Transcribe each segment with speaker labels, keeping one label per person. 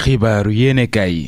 Speaker 1: xibaaru yéenekaay yi.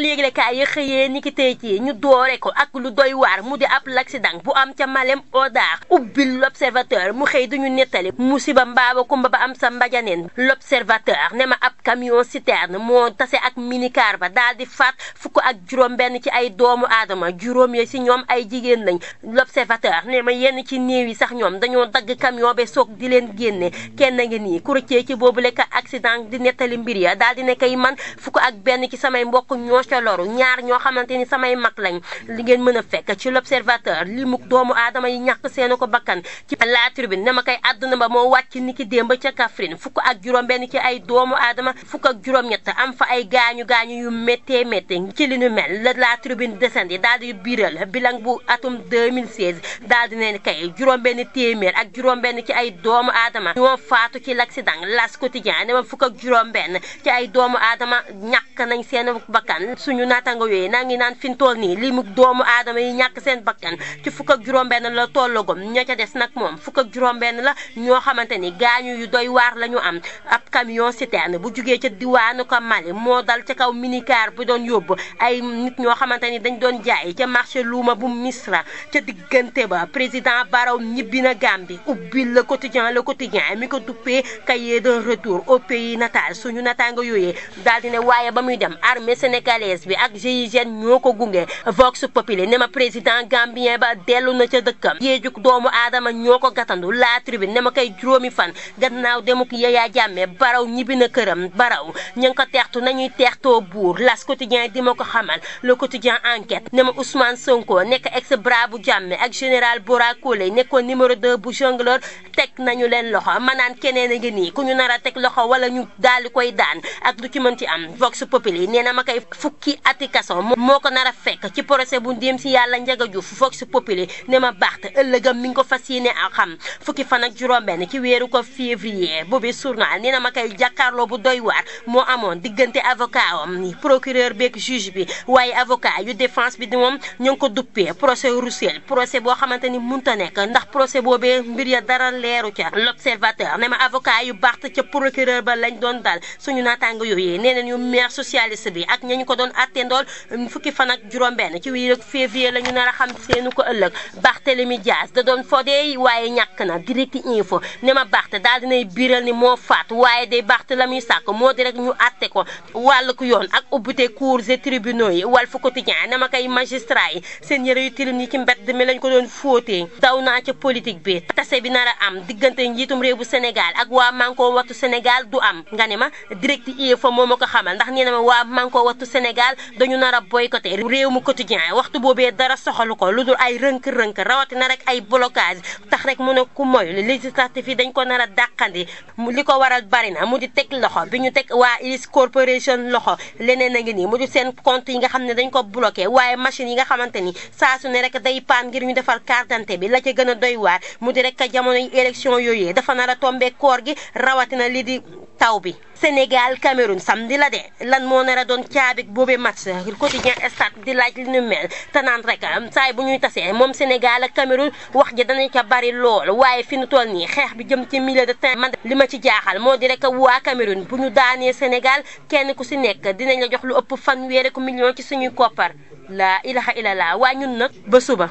Speaker 1: la yëglekaay yi xëyee ni ki tey ci ñu doore ko ak lu doy waar mu di ab l'accident bu am ca Malem Odar ubbi l'observateur mu xëy duñu nettali musiba mbaaba kumba ba am sa mbajaneen l'observateur ne ma ab camion citerne moo tase ak minicar ba daal di faat fukk ak juróom benn ci ay doomu aadama juróom ya si ñoom ay jigéen lañ l'observateur ne ma yenn ci néew yi sax ñoom dañoo dagg camion be soog di leen génne kenn ngi nii ku rëccee ci boobu ka accident di nettali mbir daal di ne kay man fukk ak benn ci samay mbokk ñoo ca loru ñaar ñoo xamante ni samay mag lañ li ngeen mën a fekk ci l'observateur li mu doomu aadama yi ñàkk seen ko bakkan ci la tribune ne ma koy àdduna ba moo wàcc ni ki démb ca Kaffrine fukk ak juróom benn ci ay doomu aadama fukk juróom-ñett am fa ay gaañu gaañu yu méttee méttee ci li nu mel la la tribune descendi daal di biiral bilan bu atum 2016 daal di ne kay juróom benn téeméer ak juróom benn ci ay doomu aadama ñoo faatu ci l'accident las quotidien ne ma fukk ak juróom benn ci ay doomu aadama ñàkk nañ seen bakkan suñu naataango yooyu naa ngi naan fi mu toll nii li mu doomu aadama yi ñàkk seen bakkan ci fukk ak juróom-benn la tollagom ña ca des nag moom fukk ak juróom-benn la ñoo xamante ni gaañu yu doy waar la ñu am ab camion citerne bu jugee ca diwaanu ko Mali moo dal ca kaw minicar bu doon yóbbu ay nit ñoo xamante ni dañ doon jaay ca marché luuma bu Misra ca diggante ba président Barrow ñibbi na Gambie ubbi le quotidien le quotidien mi ko duppee cahier de retour au pays suñu naataango yooyee muy dem sénégalaise bi ak ñoo ko gunge Vox Populi ne ma président gambien ba dellu na ca dëkkam yéejuk doomu aadama ñoo ko gatandu la tribune ne ma koy juróomi fan gannaaw demuk Yaya Jammeh baraw ñibbi na këram baraw ña ngi ko teextu nañuy teextoo buur las quotidien di ma ko xamal le quotidien enquête ne ma Ousmane Sonko nekk ex bras bu Jammeh ak général Bora Colley nekkoon numéro 2 bu jongleur teg nañu leen loxo manaan keneen a ngi nii ku ñu nar a teg loxo wala ñu daal koy daan ak du ci mën ci am Vox Populi nee na ma koy fukki ati kaso moo ko nar a fekk ci procès bu ndéem si yàlla Ndiaga Diouf Vox Populi ne ma baax te ëllëgam mi nga ko fas yéene a xam fukki fan ak juróom-benn ci weeru ko février boobu journal nee na ma kay jàkkaarloo bu doy waar moo amoon diggante avocat wa procureur beek juge bi waaye avocat yu défense bi di moom ñu ngi ko duppee procès Roussel procès boo xamante ni munta nekk ndax procès boobee mbir ya dara leeru ca l'observateur ne ma avocat yu baax ca procureur ba lañ doon dal suñu naataango doon attendool fukki fan ak juróom-benn ci wii rek février la a xam seenu ko ëllëg Barthélemy Dias da doon fodee waaye ñàkk na direct info ne ma Barth daal dinay biral ni moo faat waaye day Barth la muy sàkk moo di rek ñu atte ko wàll ku yoon ak ubbite cours et tribunaux yi Walf Quotidien ne ma kay magistrat yi seen yëre yu tilim yi ci mbedd mi lañ ko doon fóotee daw naa ca politique bi tase bi nar a am diggante njiitum réew bu Sénégal ak waa Manko Wattu Sénégal du am nga ne ma direct info moo ma ko xamal ndax ma waa Manko Wattu Sénégal dañu nar a boycotté réew mu quotidien waxtu boobee dara soxalu ko lu dul ay rënk-rënk rawatina rek ay blocage tax rek mu ne ku moy législatif yi dañ ko nar a dàqandi li ko waral bari na mu di teg loxo bi ñu teg waa Iris Corporation loxo leneen a ngi nii mu di seen compte yi nga xam ne dañ ko bloqué waaye machine yi nga xamante ni saasu ne rek day paan ngir ñu defar carte d'identité bi la ca gën a doy waar mu di rek jamono yi élection dafa nar a tombé koor gi rawatina taw bi Sénégal Cameroun samedi la de lan moo nar doon caabik boobee match quotidien stade di laaj li ñu mel te naan rek saay bu ñuy tasee moom Sénégal ak Cameroun wax ji danañ ko bari lool waaye fi ñu toll nii xeex bi jëm ci milieu de terrain man li ma ci jaaxal moo di rek waa Cameroun bu ñu daanee Sénégal kenn ku si nekk dinañu la jox lu ëpp fan fanweeri ko million ci suñuy koppar laa ilaha illallah waa ñun nag ba suba.